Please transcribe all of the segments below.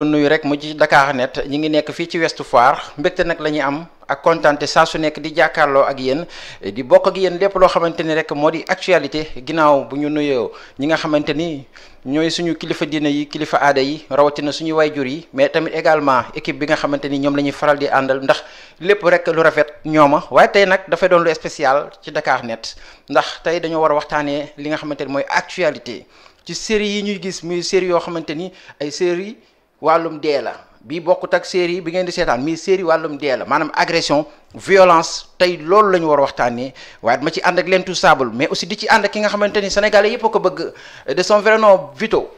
nuyu rek mu ci Dakar Net ñi ngi nekk fii ci westu Foire mbégte nag la am ak kontaante saa su nekk di jàkkaarloo ak yéen di bokk ak yéen lépp loo xamante ni rek moo di actualité ginnaaw bu ñu nuyoo ñi nga xamante ni ñooy suñu kilifa diine yi kilifa aada yi rawatina suñu jur yi mais tamit également équipe bi nga xamante ni ñoom la ñuy faral di àndal ndax lépp rek lu rafet ñooma waaye tey nag dafay doon lu spécial ci Dakar Net ndax tey dañoo war a waxtaanee li nga xamante ni mooy actualité ci série yi ñuy gis muy yoo xamante ni ay série wàllum dee la bi bokkut ak série bi ngeen di seetaan mais série wàllum dee la maanaam agression violence tey loolu la ñu war a waxtaanee waaye ma ci ànd ak lentu saabal mais aussi di ci ànd ak ki nga xamante ni sénégalais yëpp a ko bëgg de son vrai nom Vito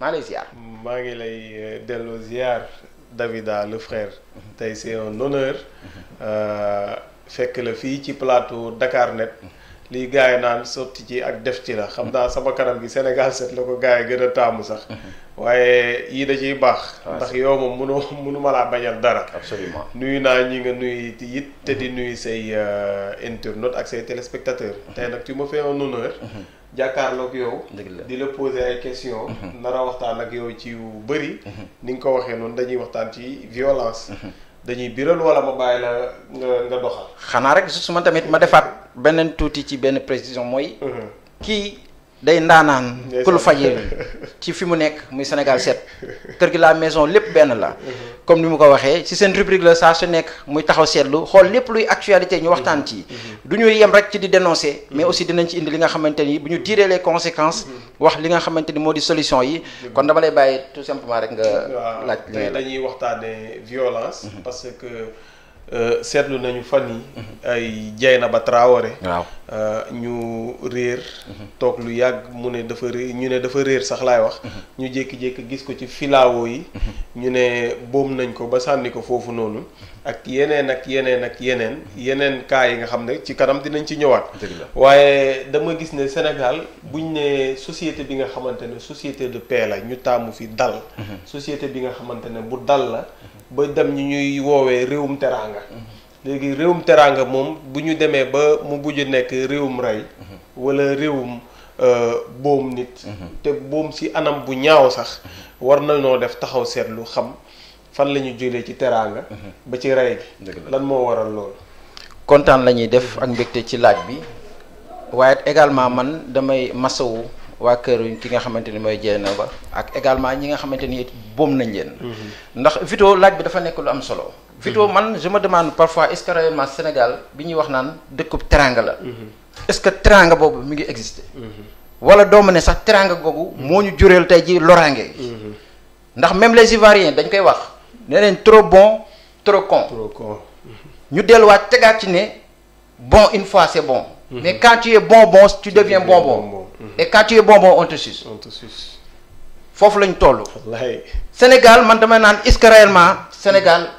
maa lay ziar. ngi lay euh, delloo ziar Davida le frère tey c'est un honneur mhm. euh, fekk la fii ci plateau Dakar Net. Mhm. lii gars yi naan sotti ci ak def ci la xam mhm. naa sama kanam gi Sénégal set la ko gars yi gën a taamu sax waaye yii da ciy baax. Ah, ndax yow moom mënu mënu ma laa bañal dara. absolument nuyu naa ñi nga nuyu it te di nuyu say euh, internautes ak say téléspectateurs. Mhm. te nag tu ma fais un honneur. Mhm. jàkkaarloog yow. di la poser ay questions. Mhm. nar waxtaan ak yow ci yu bëri. ni nga ko waxee noonu dañuy waxtaan ci violence. dañuy biral wala ma bàyyi la nga nga doxal. xanaa rek su ma tamit ma defaat beneen tuuti ci benn précision mooy. kii. day ndaanaan kul fajir ci fi mu nekk muy Sénégal set kër gi la maison lépp benn la uh-huh. comme ni mu ko waxee ci seen rubrique la saa su nekk muy taxaw seetlu xool lépp luy actualité ñu waxtaan uh-huh. ci uh-huh. du ñuy yem rek ci di dénoncer mais aussi dinañ ci indi li nga xamante ni bu ñu tiré les conséquences wax li nga xamante ni moo di solution yi kon dama lay bàyyi tout simplement rek nga laaj li dañuy waxtaane violence parce que Euh, seetlu nañu fan yi ay Dieynaba Traoré waaw euh, ñu réer mhm. toog lu yàgg mu ne dafa réer ñu ne dafa réer sax laay wax mhm. ñu jékki-jékki gis ko ci filaawo yi mhm. ñu ne boom nañ ko ba sànni ko foofu noonu ak yeneen ak yeneen ak yeneen yeneen cas yi nga xam ne ci kanam dinañ ci ñëwaat waaye dama gis ne Sénégal buñ ne société bi nga xamante ne société de paix la ñu taamu fi dal société bi nga xamante ne bu dal la ba dem ñu ñuy woowee réewum teraanga léegi réewum teraanga moom bu ñu demee ba mu bujj nekk réewum rey wala réewum euh, boom nit te boom si anam bu ñaaw sax war na noo def taxaw seet lu xam fan la ñu jëlee ci teraanga ba ci rey gi lan moo waral loolu kontaan lañuy def ak mbégte ci laaj bi waaye également man damay masawu waa këruñ ki nga xamante ni mooy jeena ba ak également ñi nga xamante ni boom nañ leen. Mhm. ndax Vito laaj bi dafa nekk lu am solo. Vito mhm. man je demande parfois est-ce que Sénégal bi ñuy wax naan dëkkub teranga la. Mhm. est-ce que teranga boobu mi ngi exister. wala doo ma ne sax teranga googu. moo ñu jureel tey ji loraange. ndax même les Ivoiriens dañ koy wax nee nañ trop bon trop con. trop con. ñu delluwaat tegaat ci ne bon une fois c'est bon. Mhm. Mais quand tu es bonbon, tu deviens bonbon. Mhm. Et quand tu es bonbon, foofu lañu toll. Sénégal man damay naan est-ce Sénégal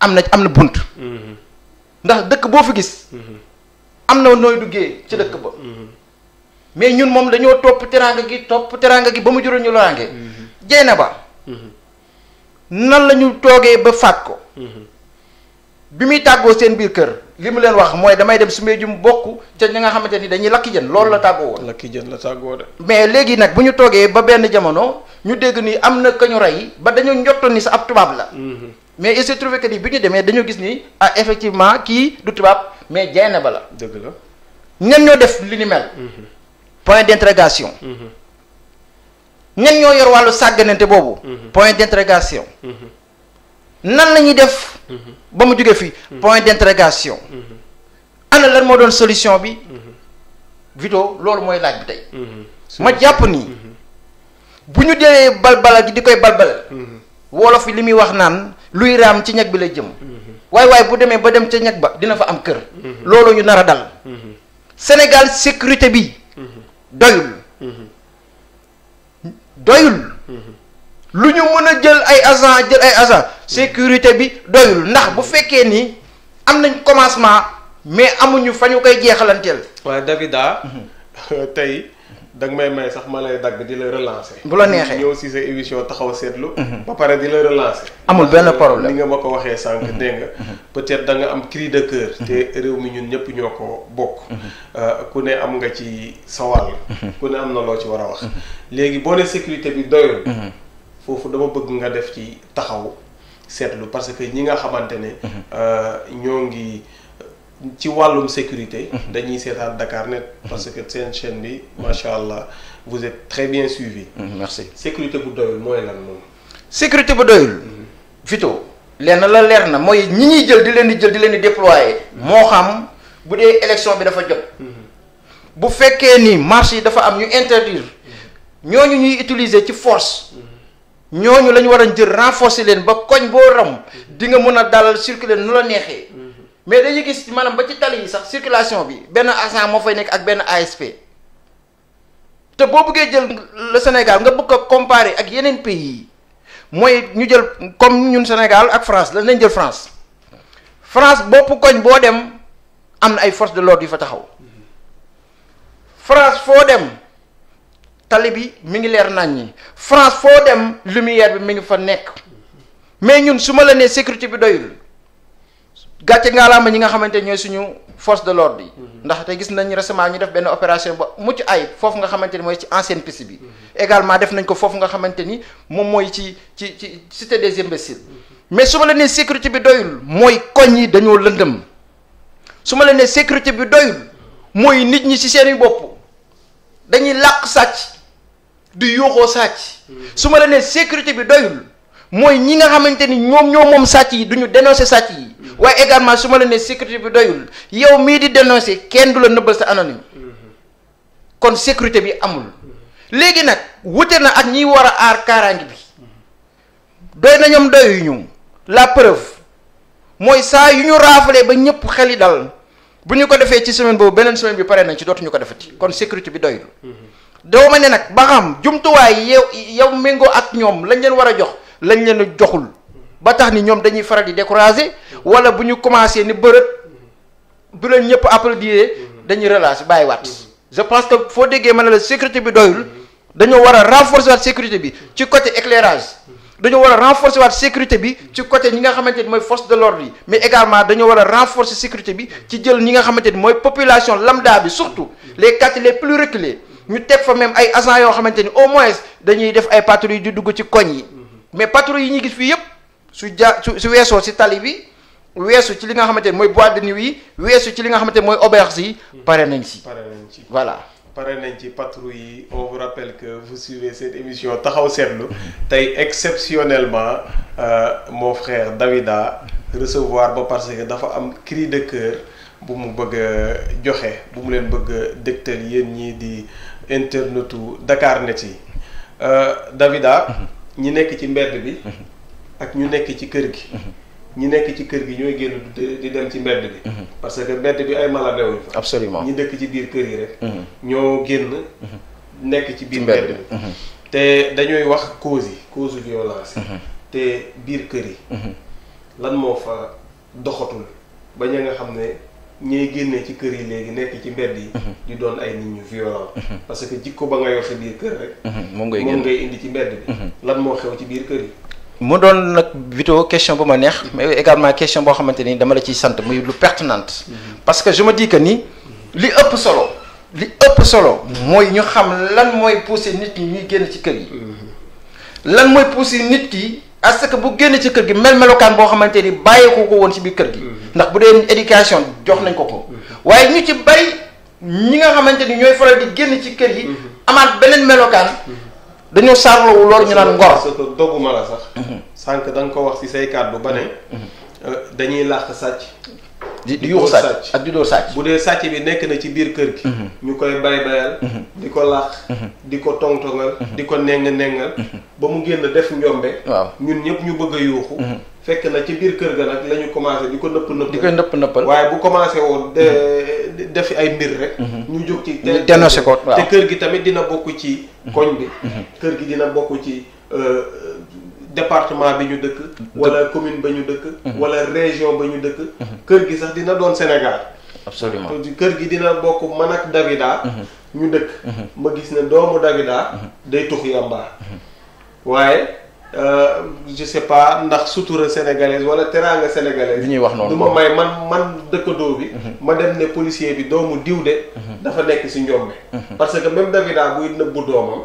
am na am na bunt. Mhm. ndax dëkk boo fi gis. am na nooy duggee ci dëkk ba. mais ñun moom dañoo topp teraanga gi topp teraanga gi ba mu jural ñu loraange. jey na ba. nan la ñu toogee ba faat ko. bi muy tàggoo seen biir kër. li mu leen wax mooy damay dem su ma jum bokk ca ñi nga xamante ni dañuy lakki jën loolu la mm. tàggoo woon. lakki jën la tàggoo de. mais léegi nag bu ñu toogee ba benn jamono ñu dégg ni am na ka ñu rey ba dañu njotto ni sa ab tubaab la. Mm-hmm. mais il se trouve que bi ñu demee dañu gis ni ah effectivement kii du tubaab mais jayna ba la. dëgg la ñan ñoo def li ni mel. Mm-hmm. point d'interrogation. Mm-hmm. ñan ñoo yor wàllu sàgganante boobu. point d'interrogation. nan la ñuy def. Mhm. ba mu jóge fii. Mhm. point d'interrogation. Mhm. ana lan moo doon solution bi. Vito loolu mooy laaj bi tey. ma jàpp ni. bu ñu dee balbala gi di koy balbal. wolof yi li muy wax naan luy raam ci ñag bi lay jëm. waaye waaye bu demee ba dem ca ñag ba dina fa am kër. loolu ñu nar a dal. Sénégal sécurité bi. doyul. doyul. lu ñu mën a jël ay agent jël ay agent sécurité bi doyul ndax bu fekkee ni am nañ commencement mais amuñu fa ñu koy jeexalanteel. waaye Davida. Mhm. tey danga nga may may sax ma lay dagg di la relancé bu la neexee ñëw si sa émission taxaw seetlu. Mhm. ba pare di la relancer. amul benn problème ni nga ma ko waxee sànq mhm. dégg nga. peut-être da nga am cri de cœur. te réew mi ñun ñëpp ñoo ko bokk. Euh, ku ne am nga ci sa ku ne am na loo ci war a wax. léegi boo ne sécurité bi doyul. foofu dama bëgg nga def ci taxaw seetlu parce que ñi nga xamante ne. Mhm. Euh, ñoo ngi ci wàllum sécurité. Mhm. dañuy seetaat Dakar Net. Mhm. parce que seen chaîne bi. macha allah vous êtes très bien suivi. merci sécurité bu doyul mooy lan moom. sécurité bu doyul. Vito na la leer na mooy ñi ñuy jël di leen di jël di leen di déployer. moo xam bu dee élection bi dafa jot. bu fekkee ni marché yi dafa am ñu interdire ñooñu ñuy utiliser ci force. ñooñu la ñu war a jël renforcer leen ba koñ boo ram di nga mën a dalal circuler nu la neexee mais dañuy gis maanaam ba ci tali yi sax circulation bi benn agent moo fay nekk ak benn ASP te boo buggee jël le Sénégal nga bëgg ko comparer ak yeneen pays yi mooy ñu jël comme ñun Sénégal ak France lañ nañ jël France France bopp koñ boo dem am na ay force de l'ordre yu fa taxaw France foo dem. tali bi mi ngi leer naññi France foo dem lumière bi mi ngi fa nekk mais ñun su ma la nee sécurité bi doyul gàcce ngaalaama ñi nga xamante ñooy suñu force de l'ordre yi mm-hmm. ndax gis nañ récemment ñu def benn opération ba mucc ay foofu nga xamante ni mooy ci ancienne piste bi mm-hmm. également def nañ ko foofu nga xamante ni moom ci ci ci cité des imbéciles mm-hmm. mais su la nee sécurité bi doyul mooy koñ yi dañoo lëndëm su ma la nee sécurité bi doyul mooy nit ñi ci seeni bopp dañuy làq sàcc di yóoxoo sàcc su ma la nee sécurité bi doyul mooy ñi nga xamante ni ñoom ñoo moom sàcc yi du ñu dénoncer sàcc yi waaye également su ma la nee sécurité bi doyul yow mii di dénoncer kenn du la nëbbal sa anonyme kon sécurité bi amul léegi nag wute na ak ñiy war a aar kaaraange bi doy na ñoom doyuñu la preuve mooy saa yu ñu raafalee ba ñëpp xel yi dal bu ñu ko defee ci semaine boobu beneen semaine bi pare nañ ci dootuñu ko defati kon sécurité bi doyul doo ma ne nag ba xam jumtuwaay yow yow méngoo ak ñoom lañ leen war a jox lañ leen joxul ba tax ni ñoom dañuy faral di décourager wala bu ñu commencé ni bërët bu leen ñëpp applaudir dañuy relâché bàyyiwaat. je pense que foo déggee ma ne la sécurité bi doyul dañoo war a renforcer waat sécurité bi ci côté éclairage dañoo war a renforce waat sécurité bi ci côté ñi nga xamante ni mooy force de l'ordre yi mais également dañoo war a renforce sécurité bi ci jël ñi nga xamante ni mooy population lambda bi surtout les quartiers les plus reculés. ñu teg fa même ay agents yoo xamante ni au moins dañuy def ay patrouille di dugg ci koñ yi mais patrouille yi ñu gis fii yëpp su ja su su weesoo si tali bi weesu ci li nga xamante ni mooy boîte de nuit yi weesu ci li nga xamante ni mooy auberge yi pare nañ si voilà pare nañ ci patrouille yi on vous rappelle que vous suivez cette émission taxaw seetlu tey exceptionnellement euh, mon frère Davida recevoir ba parce que dafa am cri de cœur bu mu bëgg a joxe bu mu leen bëgg a dégtal yéen ñii di internetu Dakar Net yi euh, Davida ñi nekk ci mbedd bi ak ñu nekk ci kër gi ñi nekk ci kër gi ñooy génn di dem ci mbedd bi parce que mbedd bi ay mala dewuñ fa absolument ñi dëkk ci biir kër yi rek mhm. ñoo génn nekk ci biir mhm. te dañooy wax cause yi cause violence yi mhm. te biir kër yi lan moo fa doxatul ba ña nga xam ne ñooy génnee ci kër yi léegi nekk ci mbedd yi. Mhm. di doon ay nit ñu violent. Mhm. parce que jikko ba nga yor biir kër rek. Mhm. moom ngay moom ngay indi ci mbedd bi. lan moo xew ci biir kër yi. mu doon nag vidéo question bu ma neex mais également question boo xamante ni dama la ciy sant muy lu pertinente. parce que je me dis que ni li ëpp solo. li ëpp solo. mooy ñu xam lan mooy pousser nit ñi ñuy génn ci kër yi. lan mooy pousser nit ki. parce que bu génn ci kër gi mel melokaan boo xamante ni bàyyeekoo ko woon ci biir kër gi. Mm-hmm. ndax bu dee éducation jox nañ ko ko. Mm-hmm. waaye ñu ci bari ñi nga xamante ni ñooy faral di génn ci kër yi. Mm-hmm. amaat beneen melokaan. dañoo saarlawu loolu ñu naan ngor. parce que dogguma la sax. sànq da nga ko wax ci say kàddu ba ne. Euh, dañuy làq sàcc. di di yuuxu sàcc ak sàcc. bu dee sàcc bi nekk na ci biir kër gi. Mhm. ñu koy bay bayal. Mhm. di ko laax. Mhm. di ko tongtongal. di ko neng nengal. ba mu génn def njombe. waaw ñun ñëpp ñu bëgg a yuuxu. fekk na ci biir kër ga nag la ñu commencé di ko nëpp nëppal. di ko nëpp nëppal waaye bu commencé woon def ay mbir rek. ñu jóg ci te dénoncé ko te kër gi tamit dina bokk ci. koñ bi. kër gi dina bokk ci. Euh, département bi ñu dëkk wala commune ba ñu dëkk mhm. wala région ba ñu dëkk mhm. kër gi sax dina doon Sénégal absolument kër gi dina bokk man ak Davida mhm. ñu dëkk ma gis ne doomu Davida day tux yàmbaa waaye euh, je sais pas ndax sutura sénégalaise wala teraanga sénégalaise. li ñuy wax noonu du ma may man man dëkkandoo bi. ma dem ne policier bi doomu diw de. dafa nekk si njombe. parce que même Davida buy nëbbu doomam.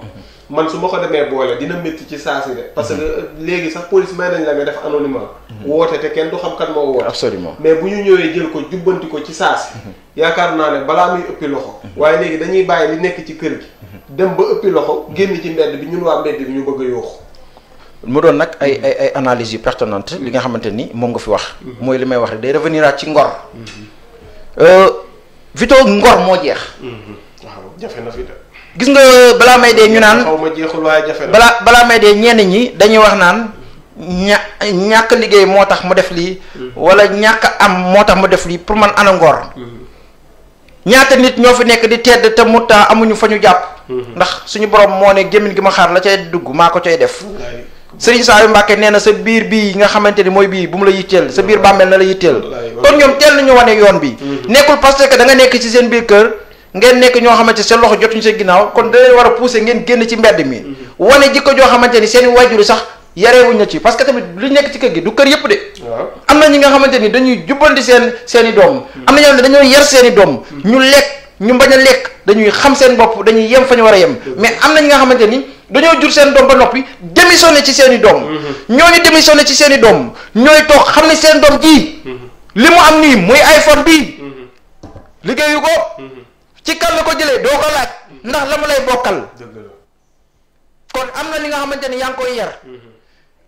man su ma ko demee boole dina métti ci saasi de. parce que léegi sax police may nañ la nga def anonymat. Mhm. woote te kenn du xam kan moo woote. absolument mais bu ñu ñëwee jël ko jubbanti ko ci saasi. Mhm. yaakaar naa ne balaa muy ëppi loxo. Mhm. waaye léegi dañuy bàyyi li nekk ci kër gi. dem ba ëppi loxo génn ci mbedd bi ñun waa mbedd bi ñu bëgg a yooxu. mu doon nag ay ay ay analyses yu pertinentes li nga xamante ni moom nga fi wax. mooy li may wax de day revenir ci ngor. Euh, Vito ngor moo jeex. waaw gis nga euh, balaa may dee ñu naan xaw ma jeexul waaye jafe na balaa balaa may dee ñenn ñi dañuy wax naan ña ñàkk liggéey moo tax mu def lii. Mm-hmm. wala ñàkk am moo tax mu def lii pour man ana ngor. Mm-hmm. ñaata nit ñoo fi nekk di tedd te mu taa amuñu fa ñu jàpp. Mm-hmm. ndax suñu borom moo ne gémmiñ gi ma xaar la cee dugg maa ko cay def. sëriñ Saliou Mbacke nee na sa biir bii nga xamante ni mooy bii bu mu la yitteel sa biir bàmmeel na la yitteel. kon ñoom teel nañu wane yoon bi. nekkul parce que da nga nekk ci seen biir kër. ngeen nekk ñoo xamante seen loxo jotuñu sa ginnaaw kon da leen war a pousser ngeen génn ci mbedd mi wane jikko joo xamante ni seen waajur sax yareewuñ na ci parce tamit lu nekk ci kër gi du kër yëpp de am na ñi nga xamante ni dañuy jubbanti seen seen i doom am na ñoo xam ne dañoo yar seen i doom ñu lekk ñu bañ a lekk dañuy xam seen bopp dañuy yem fa ñu war a yem mais am na ñi nga xamante ni dañoo jur seen doom ba noppi démissionné ci seen i doom ñooñu démissionné ci seen i doom ñooy toog xam seen doom ji li mu am nii muy iPhone bi liggéeyu ci kan la ko jëlee doo ko laaj ndax la mu lay bokkal kon am na li nga xamante ni yaa ngi koy yar mm-hmm.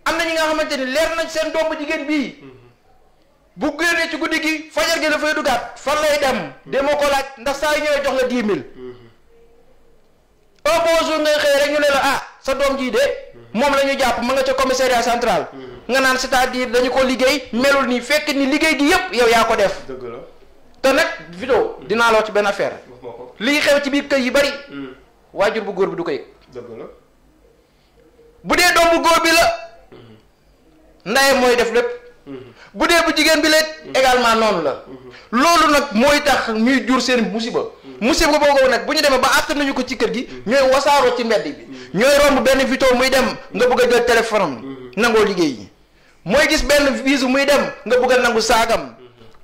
am na ñi nga xamante ni leer nañ seen doom bu jigéen bii mm-hmm. bu génnee ci guddi gi fajar gi dafay dugaat fan lay dem mm-hmm. demoo ko laaj ndax saa yu ñëwee jox la dix mille au beau jour ngay xëy rek ñu ne la ah sa doom jii de moom la ñu jàpp ma nga ca commissariat central nga naan c'est-à-dire dañu ko liggéey melul nii fekk ni liggéey gi yépp yow yaa ko def te nag vidéo dinaa la wax ci benn affaire lii xew ci biir kër yi bari hmm. waajur bu góor bi du ko yëg bu dee doom bu góor bi la hmm. ndeyam mooy def lépp hmm. bu dee bu jigéen bi léeg également noonu la loolu nag mooy tax ñuy jur seen musiba musiba ko nag bu ñu demee ba àtt nañu ko ci kër gi ñooy wasaaroo ci mbedd bi ñooy romb benn vidéo muy dem nga bëgg a jël nangoo liggéey yi mooy gis benn visu muy dem nga bëgg a nangu saagam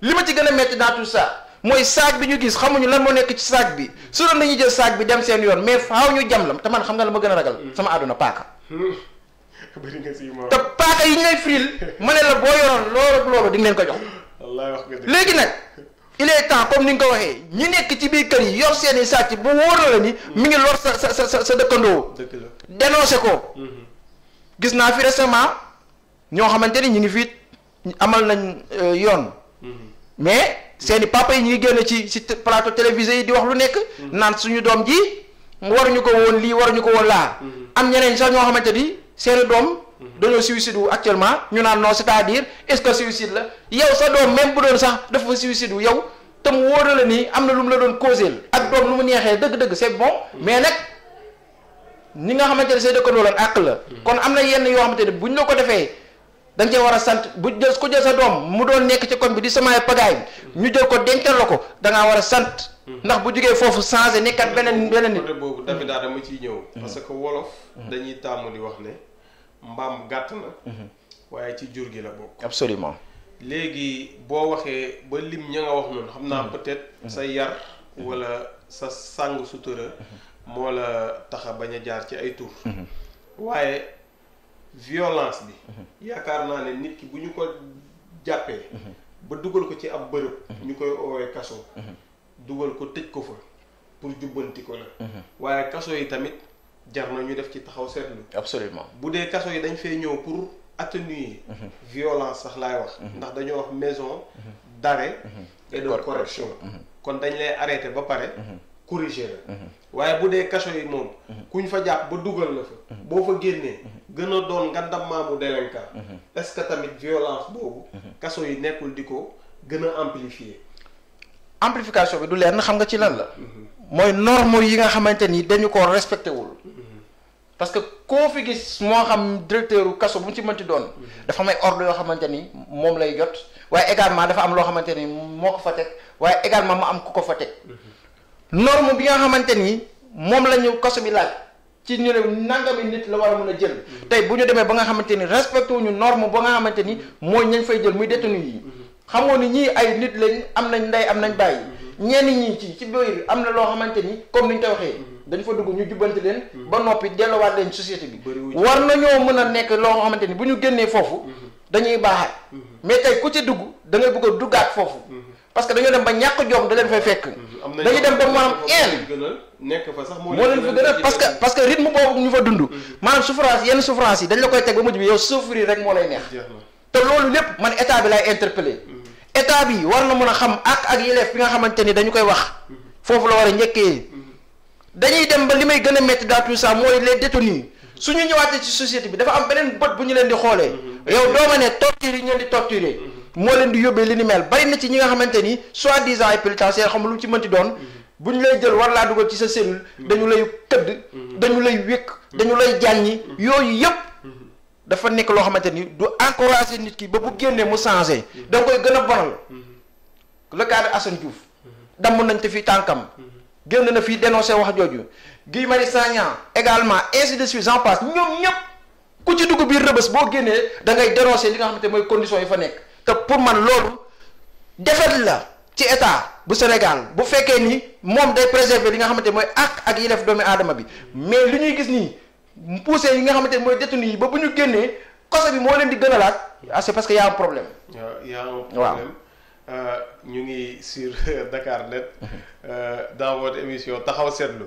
li ma ci gën a métti naa tout ça mooy saag bi ñu gis xamuñu lan moo nekk ci saag bi su doon dañuy jël saag bi dem seen yoon mais faaw ñu jam la te man xam nga la ma gën a ragal. Hmm. sama àdduna paaka. bëri nga si te paaka yi ñu lay fril ma ne la boo yoroon loolu ak loolu di ngeen ko jox. wallaay léegi nag. il est temps comme ni nga ko waxee ñi nekk ci biir kër yi yor seen i sàcc bu wóor la ni. Hmm. mi ngi lor sa sa sa sa dëkkandoo. dëkk ko. Hmm. gis naa fi récemment ñoo xamante ni ñu ngi fi amal nañ euh, yoon. mais seeni papa yi ñuy génn ci ci plateau télévisé yi di wax lu nekk. Mm-hmm. naan suñu doom ji waruñu ko woon lii waruñu ko woon laa. Mm-hmm. am ñeneen sax ñoo xamante ni seeni doom. Mm-hmm. dañoo suicide wu actuellement ñu naan non c'est-à-dire est-ce que suicide la yow sa doom même bu doon sax dafa suicide wu yow te mu wóor la ni am na lu mu la doon causé ak doom lu mu neexee dëgg-dëgg c'est bon mais nag ñi nga xamante ne say dëkkandoo la ak la. kon am na yenn yoo xamante ne buñ la ko defee. da nga war a sant bu jël ku jël sa doom mu doon nekk ci koñ bi di samaay pagaay ñu jël ko dencal la ko da war a sant. Hmm. ndax bu jógee foofu changé nekkat beneen hmm. beneen nit. côté boobu tamit daal hmm. dama ciy ñëw. parce que wolof. dañuy tàmm wax ne mbaam gàtt na. waaye ci jur gi la bokk. absolument léegi boo waxee ba lim ña nga wax noonu xam naa peut-être sa yar walla sa sàng sutura moo la tax bañ a jaar ci ay tur waaye. violence bi mhm. yaakaar naa ne nit ki bu ñu ko jàppee mhm. ba dugal ko ci ab bërëb mhm. ñu koy oowee kaso dugal ko tëj ko fa pour jubbanti ko la waaye kaso yi tamit jar na ñu def ci taxaw seetlu absolument bu dee kaso yi dañ fee ñëw pour atténuer violence sax laay wax ndax dañoo wax maison d'arrêt et correction kon dañ lay arrêté ba pare corriger la mhm. waaye bu dee kaso yi moom mhm. kuñ fa jàpp ba dugal la fa mhm. boo fa génnee gën a doon ngandammaa bu délinquant est-ce que tamit violence boobu kaso yi nekkul di ko gën a amplifier amplification bi du leer xam nga ci lan la mooy norme yi nga xamante ni dañu ko respecté wul parce que koo fi gis moo xam directeur kaso bu mu ci mënti doon dafa am ay yoo xamante ni moom lay jot waaye également dafa am loo xamante ni moo ko fa teg waaye également mu am norme bi nga xamante ni moom la ñu kaso bi laaj ci ñu ne nangami nit la war a mën a jël tey bu ñu demee ba nga xamante ni respecté ñu norme ba nga xamante ni mooy ñañ fay jël muy détenu yi xamoo ni ñii ay nit lañ am nañ ndey am nañ bàyyi ñenn ñii ci ci biir am na loo xamante ni comme ni ñu koy waxee dañ fa dugg ñu jubbanti leen ba noppi delluwaat leen société bi war na ñoo mën a nekk loo xamante ni bu ñu génnee foofu mhm. dañuy baaxaat mhm. mais tey dugg da ngay bëgg a duggaat foofu mhm. parce que dañoo dem ba ñàkk jom da leen fekk. dañu dem ba maanaam een nekk fa sax moo leen fa gën a parce que parce que rythme boobu ñu fa dund. Mhm. maanaam souffrance yenn souffrance yi dañ la koy teg ba mujj bi yow souffrir rek moo lay neex. te loolu lépp man état bi lay interpellé. Mhm. état bi war na mën a xam ak ak yelleef fi nga xamante ni dañu koy wax. Mhm. foofu la war a njëkkee. dañuy dem ba li may gën a métti dans tout ça mooy les détenus su ñu ñëwaatee ci société bi dafa am beneen bët ñu leen di xoolee. yow doo moo leen di yóbbee li ni mel bari na ci ñi nga xamante ni soi-disant ay pénitentiaire xam lu mu ci mënti doon mm-hmm. bu ñu lay jël war laa dugal ci sa cellule mm-hmm. dañu lay tëdd mm-hmm. dañu lay wékk dañu lay jàññi yooyu yëpp dafa nekk loo xamante ni du encourager nit ki ba bu génnee mu changé da koy gën a bonal le cas de Assane Diouf damm nañ te fii tànkam génn na fii dénoncé wax jooju Guy Marius Sagna également ainsi de suite j'en passe ñoom ñëpp ku ci dugg biir rëbës boo génnee da ngay li nga xamante mooy conditions yi fa nekk te pour man loolu defet la ci état bu Sénégal bu fekkee ni moom day préserver li nga xamante mooy àq ak yelleef doomi aadama bi mais li ñuy gis nii poussé yi nga xamante mooy détenu yi ba bu ñu génnee kaso bi moo leen di gën a laaj ah c'est parce que y a un problème. y a problème euh, ñu ngi sur Dakarnet euh, dans votre émission taxaw seetlu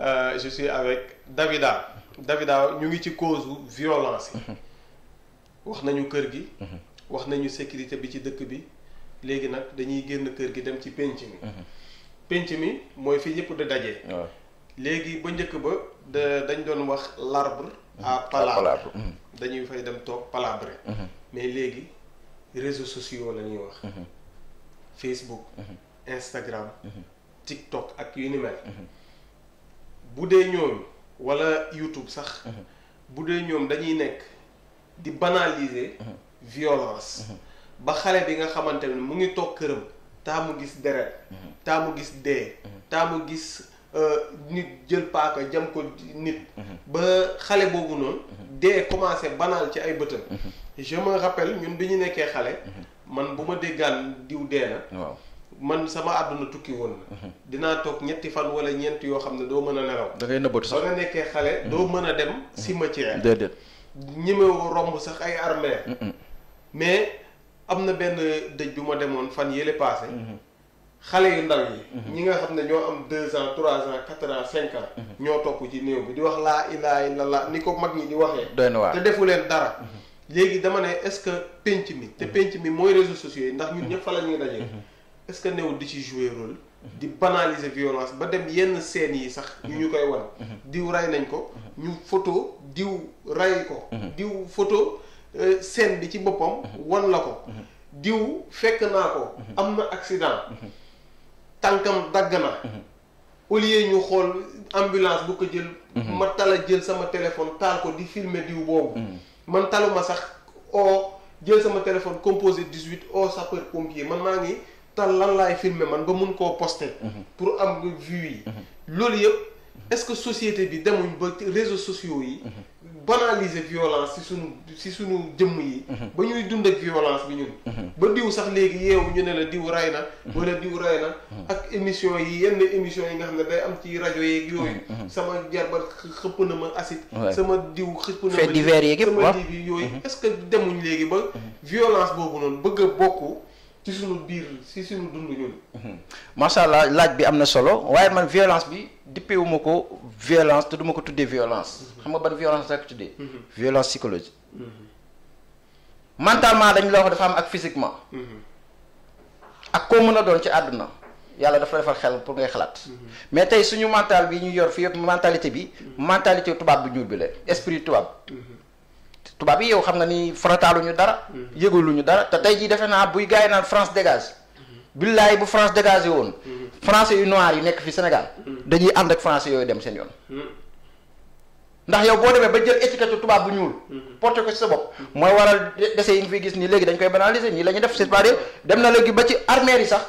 euh, je suis avec Davida Davida ñu ngi ci cause violence yi wax nañu kër gi. Mhm. wax nañu sécurité bi ci dëkk bi léegi nag dañuy génn kër gi dem ci pénc mi mhm. pénc mi mooy fi yëpp di daje. léegi ba njëkk ba dañ doon wax l'arbre mhm. à palabre mhm. dañuy fay dem toog palabre mais léegi réseaux sociaux la ñuy wax Facebook Instagram TikTok ak yu ni mel bu dee ñoom wala YouTube sax bu dee ñoom dañuy nekk di banaliser violence. ba xale bi nga xamante ne mu ngi toog këram. taamu gis deret. taamu gis dee. taa mu gis euh, nit jël paaka jam ko nit. ba xale boobu noonu. dee commencé banal ci ay bëtam. je me rappelle ñun bi ñu nekkee xale. man bu ma déggaan diw dee na. waaw man sama àdduna tukki woon na. dinaa toog ñetti fan wala ñeent yoo xam ne doo mën a nelaw. da ngay nëbbatu sax ba nga nekkee xale. doo mën a dem cimetière. déedéet ñi ma romb sax ay armée mais am na benn dëj bu ma demoon fan yële passé mhm. xale yu ndaw yi mhm. ñi nga xam ne ñoo am deux ans trois ans quatre ans cinq ans mhm. ñoo topp ci néew bi di wax laa ilaaha illallaah ni ko mag ñi di waxee doy na waar te defu leen dara léegi dama ne est-ce que pénc mi te pénc mi mooy réseaux sociaux yi ndax ñun ñëpp fa la ñuy dajee est-ce que néew di ci jouer rôle di banaliser violence ba dem yenn scènes yi sax ñu ñu koy wan diw rey nañ ko ñu photo diw rey ko diw photo Euh, seen bi ci boppam mhm. wan la ko mhm. diw fekk naa ko mhm. am na accident tànkam dagg na au lieu ñu xool ambulance bu ko jël ma tala jël sama téléphone taal ko di filmer diw boobu man taluma sax oo oh, jël sama téléphone composé 18 oo sapeur pompier man maa ngi tal lan laay firme man ba mun koo poster pour am vue yi loolu yëpp est-ce que société bi demuñ ba réseau sociaux yi banaliser violence ci suñu ci sunu jëmm yi. Mhm. ba ñuy dund ak violence bi ñun. Mhm. ba diw sax léegi yeewu ñu ne la diw ray na. Mhm. wala diw ray na. ak émission yi yenn émission yi nga xam ne day am ci rajo yeeg yooyu. sama jarba xëpp na ma acide. sama diw xëpp na ma fait divers yeeg yëpp waaw sama diw yooyu est-ce que demuñ léegi ba. violence boobu noonu bëgg a bokk. ci suñu biir ci suñu dund ñun. Mhm. macha allah laaj bi am na solo waaye man violence bi dippewu ma ko violence te du ko tuddee violence. Mhm. xam nga ban violence laa ko tuddee. Mhm. violence psychologique. mentalement dañ la wax dafa am ak physiquement. ak koo mën a doon ci àdduna. yàlla dafa defal xel pour ngay xalaat. mais tey suñu mental bi ñu yor fi yëpp mentalité bi. mentalité tubaab bu ñuul bi la esprit tubaab. tubaab yi yow xam nga ni farataaluñu dara. Mhm. yëguluñu dara te tey jii defe naa buy gars yi naan France dégage. Mhm. billaay bu France dégagé woon. Mhm. français yu noir yi nekk fi Sénégal. dañuy ànd ak français yooyu dem seen yoon. ndax yow boo demee ba jël étiquette tubaab bu ñuul. porté ko ci sa bopp. mooy waral dese yi nga fi gis ni léegi dañ koy banaliser nii lañu def c'est-à-dire dem na léegi ba ci armée yi sax.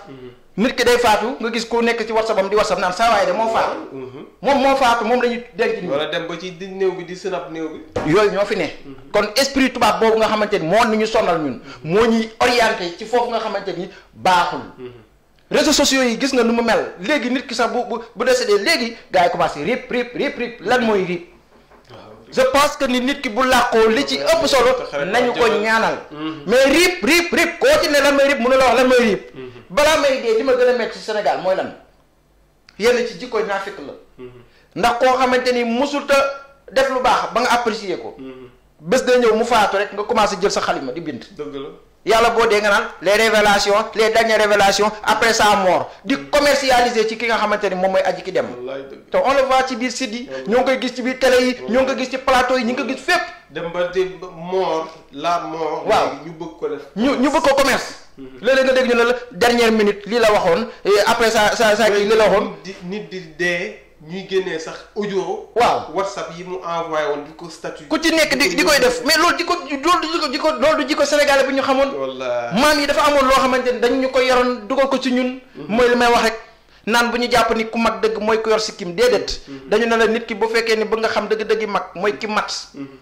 nit ki day faatu nga gis koo nekk ci whatsapp am di whatsapp naan saa waay de moo faatu. Mhm. moom moo faatu moom lañu denc nii. wala dem ba ci di néew bi di sënab néew bi. yooyu ñoo fi ne. Mhm. kon esprit tubaab boobu nga xamante ni moo ni ñu sonal ñun. Mhm. moo ñuy orienté ci foofu nga xamante ni baaxul. réseaux sociaux yi gis nga nu mu mel léegi nit ki sax bu bu bu décédé léegi gars yi commencé rip rip rip rip lan mooy rip. je pense que ni nit ki bu làqoo li ci ëpp solo nañu ko ñaanal mais riib riib riib koo ci ne lan may riib mënu la wax lan may riib balaa may dee li ma gën a metti ci Sénégal mooy lan yenn ci jikko naafik la ndax koo xamante ni musul ta def lu baax ba nga apprécier ko mm-hmm. bés day ñëw mu faatu rek nga commencé jël sa xalima di bind dëgg la yàlla boo dee nga naan les révélations les dernières révélations après sa mort di commercialiser ci ki nga xamante ni moom mooy aji ki dem te on ci biir site yi ñoo ngi koy gis ci biir télé yi ñoo ngi gis ci plateau yi ñu ngi ko gis fépp dem ba di mort la mort waaw ñu ko def ñu ñu bëgg ko commerce mhm. léeg-léeg nga ñu la dernière minute lii la waxoon après sa sa sa kii lii la waxoon nit di dee ñuy génnee sax audio. waaw whatsapp yi mu envoyé woon di ko statut. ku ci nekk di di koy def mais loolu jikko ko jikko loolu du jikko sénégalais bi ñu xamoon. maam yi dafa amoon loo xamante ni dañ ñu ko yoroon dugal ko ci ñun. Mhm. mooy li may wax rek naan bu ñu jàpp ni ku mag dëgg mooy ku yor sikkim déedéet. Mhm. dañu ne la nit ki bu fekkee ni bëgg nga xam dëgg-dëgg mag mooy ki mat. Mhm.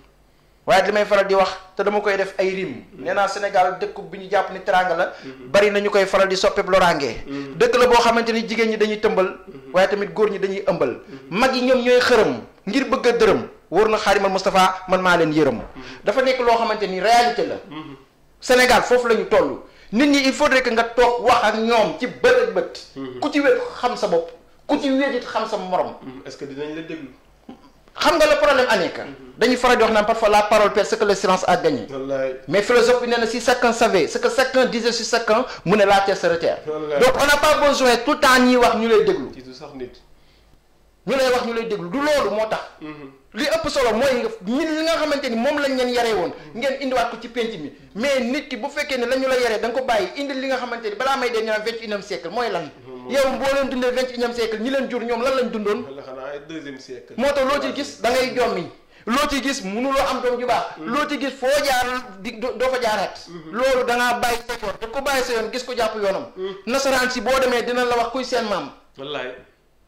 waaye li may faral di wax te dama koy def ay rim mm-hmm. nee naa Sénégal dëkk bi ñu jàpp ni teranga la mm-hmm. bari na ñu koy faral di soppeeb loraange mm-hmm. dëkk la boo xamante ni jigéen ñi dañuy tëmbal waaye tamit góor ñi dañuy ëmbal mag yi ñoom ñooy xërëm ngir bëgg a dërëm wër na xaarimal Moustapha man maa leen yërëm dafa nekk loo xamante ni réalité la Sénégal foofu lañu ñu toll nit ñi il faudrait que nga toog wax ak ñoom ci bët ak bët ku ci wéet xam sa bopp ku ci wéet it xam sa morom est que dinañ la déglu xam nga le problème Annick mm-hmm. dañuy faral di wax naan parfois la parole perd ce que le silence a gagné mais philosophe bi nee si chacun savait ce que chacun disait sur chacun mu ne la terre se reterre donc on n'a besoin tout temps ñuy wax ñu lay déglu ñu lay wax ñu lay déglu du loolu moo tax mm-hmm. li ëpp solo mooy ñun li nga xamante ni moom lañ leen yaree woon ngeen indiwaat ko ci penc mi mais nit ki bu fekkee ne la ñu la yaree da nga ko bàyyi indi li nga xamante ni balaa may dee ñu naan vingt et unième siècle mooy lan yow leen dundee vingt et unième siècle ñoom lan lañ dundoon deuxième siècle moo loo ci gis da ngay jommi loo ci gis mënuloo am doom ju baax mm-hmm. loo ci gis foo jaar di doo fa jaaraat mm-hmm. loolu da ngaa bàyyi sa yoon da ko bàyyi sa yoon gis ko jàpp yoonam mm-hmm. nasaraan si boo demee dina la wax kuy seen maam wallaay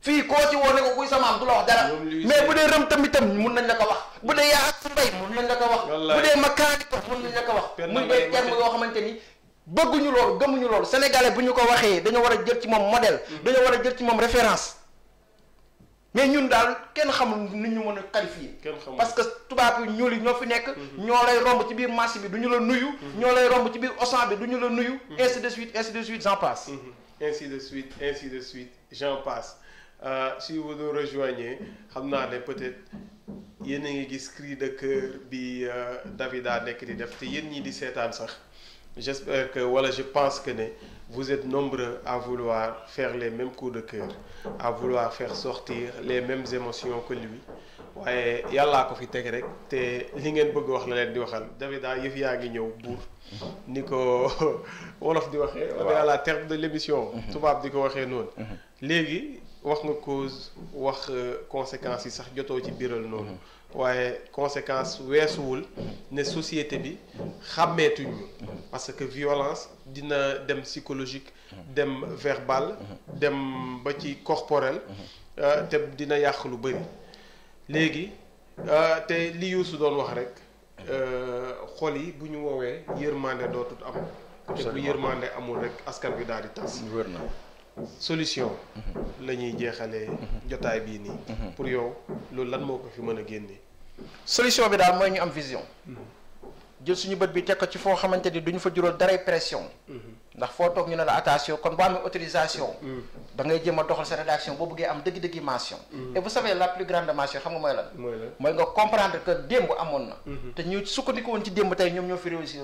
fii koo ci woo ne ko kuy samaam du la wax dara mais bu dee rëm tam itam mun nañ la ko wax bu dee yaa ak sa mbay mun nañ la ko wax bu dee makaani ko mun nañ la ko wax muy dee terme yoo xamante ni bëgguñu loolu gëmuñu loolu sénégalais bu ñu ko waxee dañoo war a jël ci moom modèle mm-hmm. dañoo war a jël ci moom référence mais ñun daal kenn xamul nu ñu mën a qualifier parce que tubaab yi ñuul yi ñoo fi nekk mm-hmm. ñoo lay romb ci biir marché bi du ñu la nuyu mm-hmm. ñoo lay romb ci biir osan bi du ñu la nuyu ainsi de suite ainsi de suite j'en passe ainsi de suite ainsi de suite j'en passe Euh, si vous nous rejoignez xam naa ne peut-être yéen a ngi gis cri de cœur bi euh, Davida nekk di def te yéen ñi di seetaan sax j'espère que wala je pense que ne vous êtes nombreux à vouloir faire les mêmes coups de cœur à vouloir faire sortir les mêmes émotions que lui waaye yàllaa ko fi teg rek te li ngeen bëgg wax la leen di waxal Davida ah, yëf yaa ngi ñëw buur ni ko wolof di waxee wala yàlla terme de l'émission mm-hmm. tubaab di ko waxee noonu mm-hmm. léegi wax nga cause wax euh, conséquences yi sax jotoo ci biral noonu mm-hmm. waaye conséquence weesuwul ne société bi xàmmeetuñ ñu mm-hmm. parce que violence dina dem psychologique mm-hmm. dem verbal dem ba ci corporel euh, te dina yàq lu bëri léegi euh, te li Youssou doon wax rek xol yi bu ñu woowee yërmande dootul am te bu yërmande amul rek askan bi daal di tas wér na solution mhm. la ñuy jeexalee mhm. jotaay bii nii mhm. pour yow loolu lan moo ko fi mën a génne solution bi daal mooy ñu am vision jël suñu bët bi teg ci foo xamante ni duñu fa jural daray pression ndax foo toog ñu ne la attention kon boo amee autorisation da ngay jéem a doxal sa rédaction boo bëggee am dëgg-dëgg mention et vous savez la plus grande mention xam nga mooy lan mooy nga comprendre que démb amoon na te ñu sukkandiku woon ci démb tey ñoom ñoo fi réussir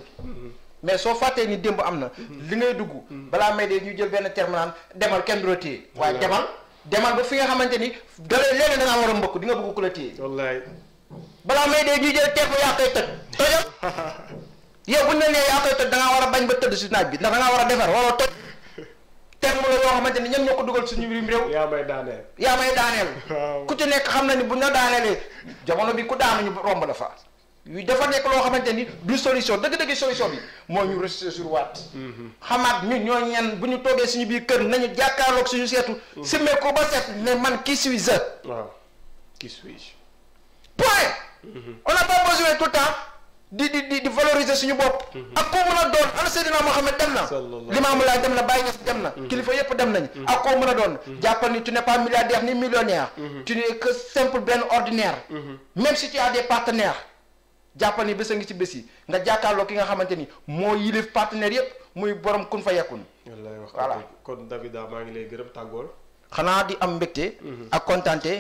mais soo fàttee ni démb am na. Mhm. li ngay dugg. Mhm. balaa may de ñuy jël benn terme demal kenn du la téye. waaye demal demal ba fi nga xamante ni dalee léeg-léeg da ngaa war a mbëkk di nga bëgg ku la téye. wallaay. balaa may de ñu jël terme yaa koy toj. tojal yow bu war a bañ ba tëdd si naaj bi ndax da war a defar waroo toj. terme la yoo xamante ni ñoom ñoo ko dugal suñu réew. yaa may daaneel. yaa ku ci nekk xam na ni bu ñu la daaneelee jamono bi ku daanu ñu romb la fa. dafa nekk loo xamante ni du solution dëgg-dëgg solution bi moo ñu ressource waat. Mm-hmm. xamaat ñun ñoo ñan bu ñu toogee suñu biir kër nañu jàkkaarloog suñu seetu. Mm-hmm. simee ko ba seet ne man qui suis-je. waaw qui suis-je. point. Mm-hmm. on n'a pas tout temps di di di valoriser suñu bopp. ak koo mën a doon ana Seydina Mohamed dem na. Limaamu Laay dem na Baye Niass dem na. kilifa yëpp dem nañ ak koo mën a doon. jàppal ni tu n'es pas milliardaire ni millionnaire. tu n'es que simple benn ordinaire. même si tu as des partenaires. jàppan ni bés a ngi ci bés yi nga jàkkaarloo ki nga xamante ni moo yilif partenaire yëpp muy borom kun fa yekkun. wallaay wax voilà kon Davida ah, maa ngi lay gërëm tàggool. xanaa di am mbégte. Mhm. ak kontante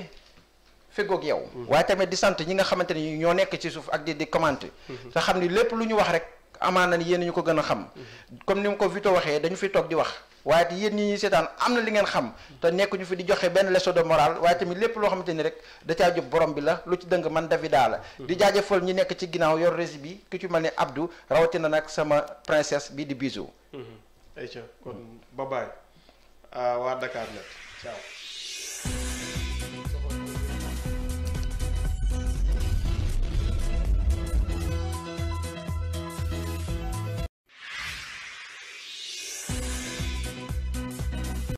feggoog yow. Mhm. waaye tamit di sant ñi nga xamante ni ñoo nekk ci suuf ak di di commenté. Mhm. te xam ni lépp lu ñu wax rek amaan na ni yéen ñu ko gën a xam. comme ni mu ko Vito waxee dañu fi toog di wax. waaye te yéen ñi ñuy seetaan am na li ngeen xam te nekkuñu fi di joxe benn leçon de morale waaye tamit lépp loo xamante ni rek da caa jub borom bi la lu ci dëng man Davida la hmm. di jaajëfal ñi nekk ci ginnaaw yor rési bi ku ci mel ni Abdou rawatina nag sama princesse bi di bisou hmm. ayca kon babaay ah, waa Dakar net